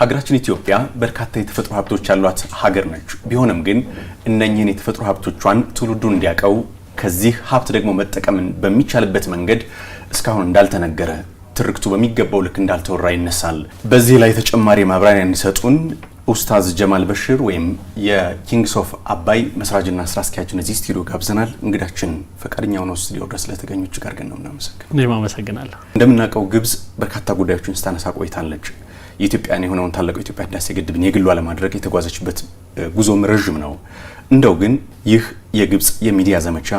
ሀገራችን ኢትዮጵያ በርካታ የተፈጥሮ ሀብቶች ያሏት ሀገር ነች። ቢሆንም ግን እነኚህን የተፈጥሮ ሀብቶቿን ትውልዱ እንዲያውቀው ከዚህ ሀብት ደግሞ መጠቀምን በሚቻልበት መንገድ እስካሁን እንዳልተነገረ ትርክቱ በሚገባው ልክ እንዳልተወራ ይነሳል። በዚህ ላይ ተጨማሪ ማብራሪያ እንዲሰጡን ኡስታዝ ጀማል በሽር ወይም የኪንግስ ኦፍ አባይ መስራችና ስራ አስኪያጅ እዚህ ስቱዲዮ ጋብዘናል። እንግዳችን ፈቃደኛ ሆነው ስቱዲዮ ድረስ ለተገኙ እጅግ አድርገን ነው እኔም አመሰግናለሁ። እንደምናውቀው ግብጽ በርካታ ጉዳዮችን ስታነሳ ቆይታለች። የኢትዮጵያን የሆነውን ታላቁ የኢትዮጵያ ህዳሴ ግድብን የግሏ ለማድረግ የተጓዘችበት ጉዞም ረዥም ነው። እንደው ግን ይህ የግብጽ የሚዲያ ዘመቻ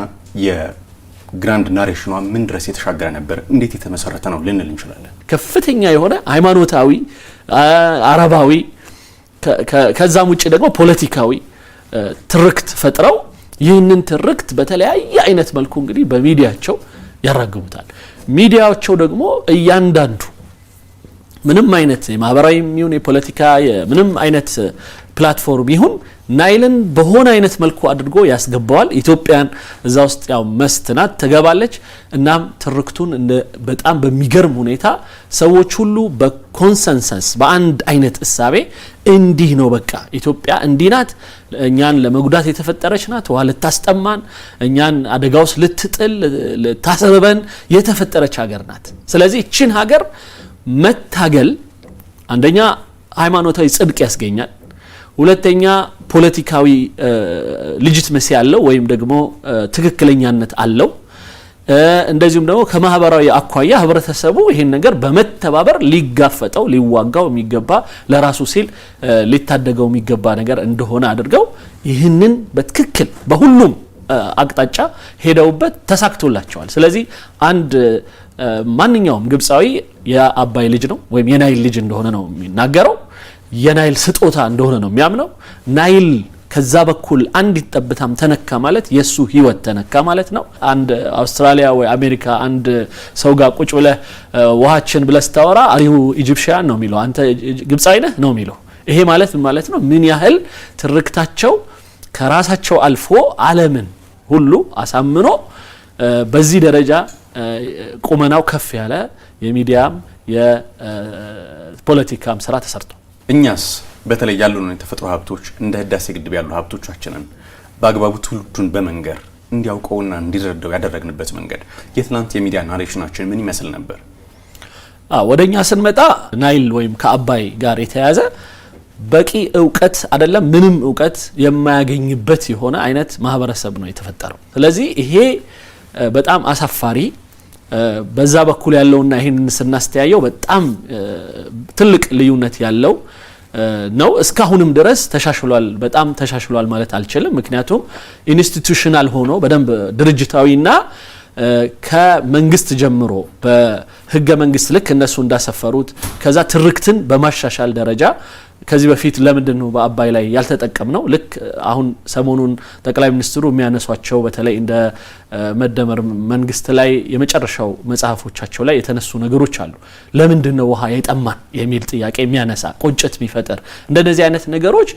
የግራንድ ናሬሽኗ ምን ድረስ የተሻገረ ነበር? እንዴት የተመሰረተ ነው ልንል እንችላለን? ከፍተኛ የሆነ ሃይማኖታዊ፣ አረባዊ ከዛም ውጭ ደግሞ ፖለቲካዊ ትርክት ፈጥረው ይህንን ትርክት በተለያየ አይነት መልኩ እንግዲህ በሚዲያቸው ያራግቡታል። ሚዲያቸው ደግሞ እያንዳንዱ ምንም አይነት የማህበራዊ ይሁን የፖለቲካ ምንም አይነት ፕላትፎርም ይሁን ናይልን በሆነ አይነት መልኩ አድርጎ ያስገባዋል። ኢትዮጵያን እዛ ውስጥ ያው መስት ናት ትገባለች። እናም ትርክቱን በጣም በሚገርም ሁኔታ ሰዎች ሁሉ በኮንሰንሰስ በአንድ አይነት እሳቤ እንዲህ ነው በቃ ኢትዮጵያ እንዲህ ናት፣ እኛን ለመጉዳት የተፈጠረች ናት፣ ውሃ ልታስጠማን፣ እኛን አደጋ ውስጥ ልትጥል፣ ልታሰበበን የተፈጠረች ሀገር ናት። ስለዚህ እችን ሀገር መታገል አንደኛ ሃይማኖታዊ ጽድቅ ያስገኛል። ሁለተኛ ፖለቲካዊ መሲ አለው ወይም ደግሞ ትክክለኛነት አለው። እንደዚሁም ደግሞ ከማህበራዊ አኳያ ህብረተሰቡ ይሄን ነገር በመተባበር ሊጋፈጠው ሊዋጋው የሚገባ ለራሱ ሲል ሊታደገው የሚገባ ነገር እንደሆነ አድርገው ይህንን በትክክል በሁሉም አቅጣጫ ሄደውበት ተሳክቶላቸዋል። ስለዚህ አንድ ማንኛውም ግብፃዊ የአባይ ልጅ ነው ወይም የናይል ልጅ እንደሆነ ነው የሚናገረው። የናይል ስጦታ እንደሆነ ነው የሚያምነው። ናይል ከዛ በኩል አንዲት ጠብታም ተነካ ማለት የእሱ ህይወት ተነካ ማለት ነው። አንድ አውስትራሊያ ወይ አሜሪካ አንድ ሰው ጋር ቁጭ ብለህ ውሃችን ብለህ ስታወራ አሪሁ ኢጂፕሽያን ነው የሚለው፣ አንተ ግብፃዊ ነህ ነው የሚለው። ይሄ ማለት ማለት ነው ምን ያህል ትርክታቸው ከራሳቸው አልፎ ዓለምን ሁሉ አሳምኖ በዚህ ደረጃ ቁመናው ከፍ ያለ የሚዲያም የፖለቲካም ስራ ተሰርቷል። እኛስ በተለይ ያሉን የተፈጥሮ ሀብቶች እንደ ህዳሴ ግድብ ያሉ ሀብቶቻችንን በአግባቡ ትውልዱን በመንገር እንዲያውቀውና እንዲረዳው ያደረግንበት መንገድ የትናንት የሚዲያ ናሬሽናችን ምን ይመስል ነበር? ወደ እኛ ስንመጣ ናይል ወይም ከአባይ ጋር የተያያዘ በቂ እውቀት አይደለም ምንም እውቀት የማያገኝበት የሆነ አይነት ማህበረሰብ ነው የተፈጠረው። ስለዚህ ይሄ በጣም አሳፋሪ በዛ በኩል ያለውና ይህን ስናስተያየው በጣም ትልቅ ልዩነት ያለው ነው። እስካሁንም ድረስ ተሻሽሏል፣ በጣም ተሻሽሏል ማለት አልችልም። ምክንያቱም ኢንስቲቱሽናል ሆኖ በደንብ ድርጅታዊና ከመንግስት ጀምሮ በህገ መንግስት ልክ እነሱ እንዳሰፈሩት ከዛ ትርክትን በማሻሻል ደረጃ ከዚህ በፊት ለምንድን ነው በአባይ ላይ ያልተጠቀም ነው? ልክ አሁን ሰሞኑን ጠቅላይ ሚኒስትሩ የሚያነሷቸው በተለይ እንደ መደመር መንግስት ላይ የመጨረሻው መጽሐፎቻቸው ላይ የተነሱ ነገሮች አሉ። ለምንድን ነው ውሃ የጠማን የሚል ጥያቄ የሚያነሳ ቁጭት የሚፈጥር እንደነዚህ አይነት ነገሮች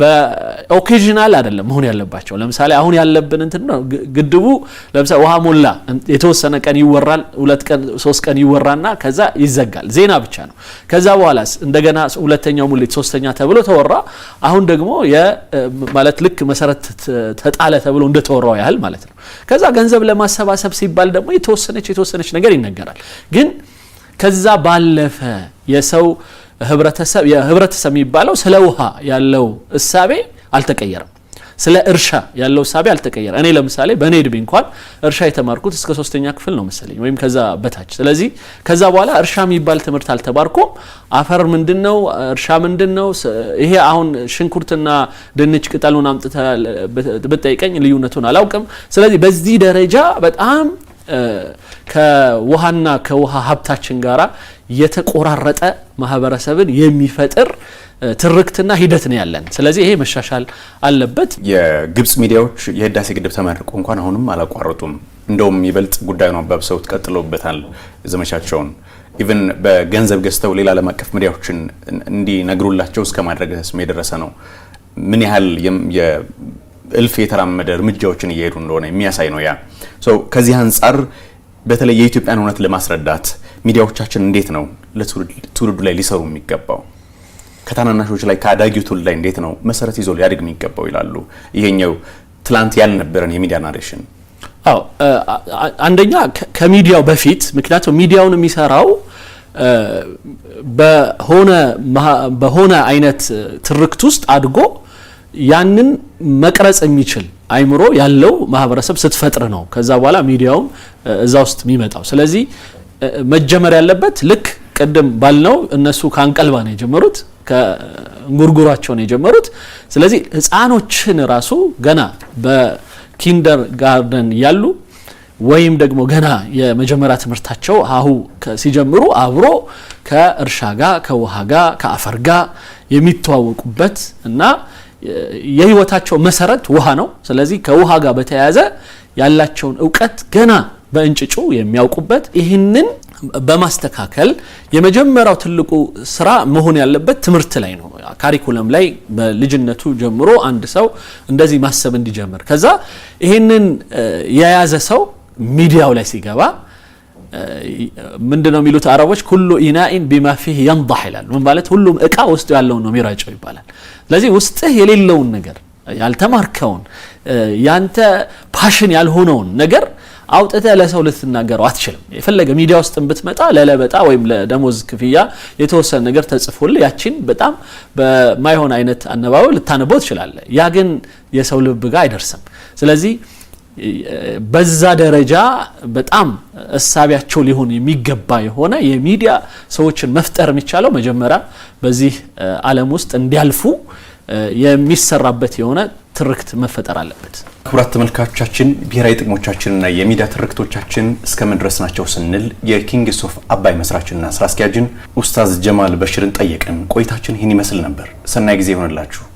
በኦኬዥናል አይደለም መሆን ያለባቸው። ለምሳሌ አሁን ያለብን እንትን ነው ግድቡ ለምሳሌ ውሃ ሞላ የተወሰነ ቀን ይወራል፣ ሁለት ቀን ሶስት ቀን ይወራና ከዛ ይዘጋል። ዜና ብቻ ነው። ከዛ በኋላስ እንደገና ሁለተኛው ሙሌት ሶስተኛ ተብሎ ተወራ። አሁን ደግሞ ማለት ልክ መሰረት ተጣለ ተብሎ እንደተወራው ያህል ማለት ነው። ከዛ ገንዘብ ለማሰባሰብ ሲባል ደግሞ የተወሰነች የተወሰነች ነገር ይነገራል። ግን ከዛ ባለፈ የሰው ህብረተሰብ የሚባለው ስለ ውሃ ያለው እሳቤ አልተቀየረም። ስለ እርሻ ያለው እሳቤ አልተቀየረም። እኔ ለምሳሌ በእኔ እንኳን እርሻ የተማርኩት እስከ ሶስተኛ ክፍል ነው መሰለኝ ወይም ከዛ በታች። ስለዚህ ከዛ በኋላ እርሻ የሚባል ትምህርት አልተማርኩም። አፈር ምንድን ነው? እርሻ ምንድን ነው? ይሄ አሁን ሽንኩርትና ድንች ቅጠሉን አምጥተ ብጠይቀኝ ልዩነቱን አላውቅም። ስለዚህ በዚህ ደረጃ በጣም ከውሃና ከውሃ ሀብታችን ጋር የተቆራረጠ ማህበረሰብን የሚፈጥር ትርክትና ሂደት ነው ያለን። ስለዚህ ይሄ መሻሻል አለበት። የግብጽ ሚዲያዎች የህዳሴ ግድብ ተመርቆ እንኳን አሁንም አላቋረጡም። እንደውም ይበልጥ ጉዳዩን አባብሰውት ቀጥለውበታል ዘመቻቸውን ኢቨን በገንዘብ ገዝተው ሌላ ዓለም አቀፍ ሚዲያዎችን እንዲነግሩላቸው እስከ ማድረግ የደረሰ ነው። ምን ያህል እልፍ የተራመደ እርምጃዎችን እየሄዱ እንደሆነ የሚያሳይ ነው። ያ ከዚህ አንጻር በተለይ የኢትዮጵያን እውነት ለማስረዳት ሚዲያዎቻችን እንዴት ነው ለትውልዱ ላይ ሊሰሩ የሚገባው? ከታናናሾች ላይ ከአዳጊው ትውልድ ላይ እንዴት ነው መሰረት ይዞ ሊያድግ የሚገባው ይላሉ። ይሄኛው ትላንት ያልነበረን የሚዲያ ናሬሽን አዎ፣ አንደኛ ከሚዲያው በፊት ምክንያቱም ሚዲያውን የሚሰራው በሆነ አይነት ትርክት ውስጥ አድጎ ያንን መቅረጽ የሚችል አይምሮ ያለው ማህበረሰብ ስትፈጥር ነው ከዛ በኋላ ሚዲያውም እዛ ውስጥ የሚመጣው። ስለዚህ መጀመር ያለበት ልክ ቅድም ባልነው እነሱ ከአንቀልባ ነው የጀመሩት፣ ከእንጉርጉሯቸው ነው የጀመሩት። ስለዚህ ህፃኖችን ራሱ ገና በኪንደር ጋርደን ያሉ ወይም ደግሞ ገና የመጀመሪያ ትምህርታቸው አሁ ሲጀምሩ አብሮ ከእርሻ ጋር ከውሃ ጋር ከአፈር ጋር የሚተዋወቁበት እና የህይወታቸው መሰረት ውሃ ነው። ስለዚህ ከውሃ ጋር በተያያዘ ያላቸውን እውቀት ገና በእንጭጩ የሚያውቁበት ይህንን በማስተካከል የመጀመሪያው ትልቁ ስራ መሆን ያለበት ትምህርት ላይ ነው። ካሪኩለም ላይ በልጅነቱ ጀምሮ አንድ ሰው እንደዚህ ማሰብ እንዲጀምር ከዛ ይህንን የያዘ ሰው ሚዲያው ላይ ሲገባ ምንድነው የሚሉት አረቦች ኩሉ ኢናኢን ቢማ ፊህ የንዳሕ ይላሉ። ምን ማለት ሁሉም እቃ ውስጡ ያለውን ነው የሚራጨው ይባላል። ስለዚህ ውስጥህ የሌለውን ነገር ያልተማርከውን ያንተ ፓሽን ያልሆነውን ነገር አውጥተ ለሰው ልትናገረው አትችልም። የፈለገ ሚዲያ ውስጥ ብትመጣ ለለበጣ ወይም ለደሞዝ ክፍያ የተወሰነ ነገር ተጽፎል ያችን በጣም በማይሆን አይነት አነባበብ ልታነበው ትችላለህ። ያ ግን የሰው ልብ ጋር አይደርስም። ስለዚህ በዛ ደረጃ በጣም እሳቢያቸው ሊሆን የሚገባ የሆነ የሚዲያ ሰዎችን መፍጠር የሚቻለው መጀመሪያ በዚህ ዓለም ውስጥ እንዲያልፉ የሚሰራበት የሆነ ትርክት መፈጠር አለበት። ክቡራት ተመልካቾቻችን ብሔራዊ ጥቅሞቻችንና የሚዲያ ትርክቶቻችን እስከምን ድረስ ናቸው ስንል የኪንግስ ኦፍ አባይ መስራችንና ስራ አስኪያጅን ኡስታዝ ጀማል በሽርን ጠየቅን። ቆይታችን ይህን ይመስል ነበር። ሰናይ ጊዜ ይሆንላችሁ።